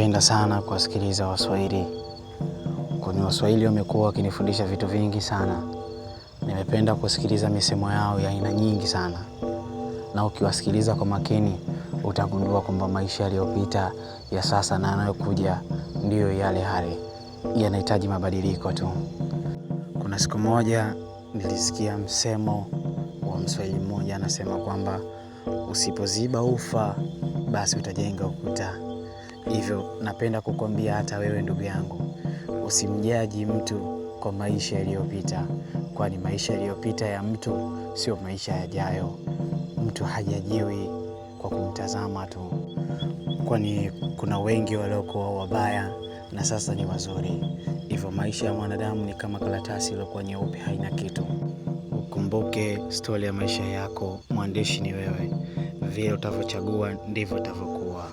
Napenda sana kuwasikiliza Waswahili kwani Waswahili wamekuwa wakinifundisha vitu vingi sana. Nimependa kusikiliza misemo yao ya aina nyingi sana, na ukiwasikiliza kwa makini utagundua kwamba maisha yaliyopita, ya sasa na yanayokuja ndiyo yale yale, yanahitaji mabadiliko tu. Kuna siku moja nilisikia msemo wa Mswahili mmoja anasema kwamba usipoziba ufa, basi utajenga ukuta. Hivyo napenda kukwambia hata wewe ndugu yangu, usimjaji mtu kwa maisha yaliyopita, kwani maisha yaliyopita ya mtu sio maisha yajayo. Mtu hajajiwi kwa kumtazama tu, kwani kuna wengi waliokuwa wabaya na sasa ni wazuri. Hivyo maisha ya mwanadamu ni kama karatasi iliyokuwa nyeupe, haina kitu. Ukumbuke stori ya maisha yako, mwandishi ni wewe. Vile utavyochagua ndivyo utavyokuwa.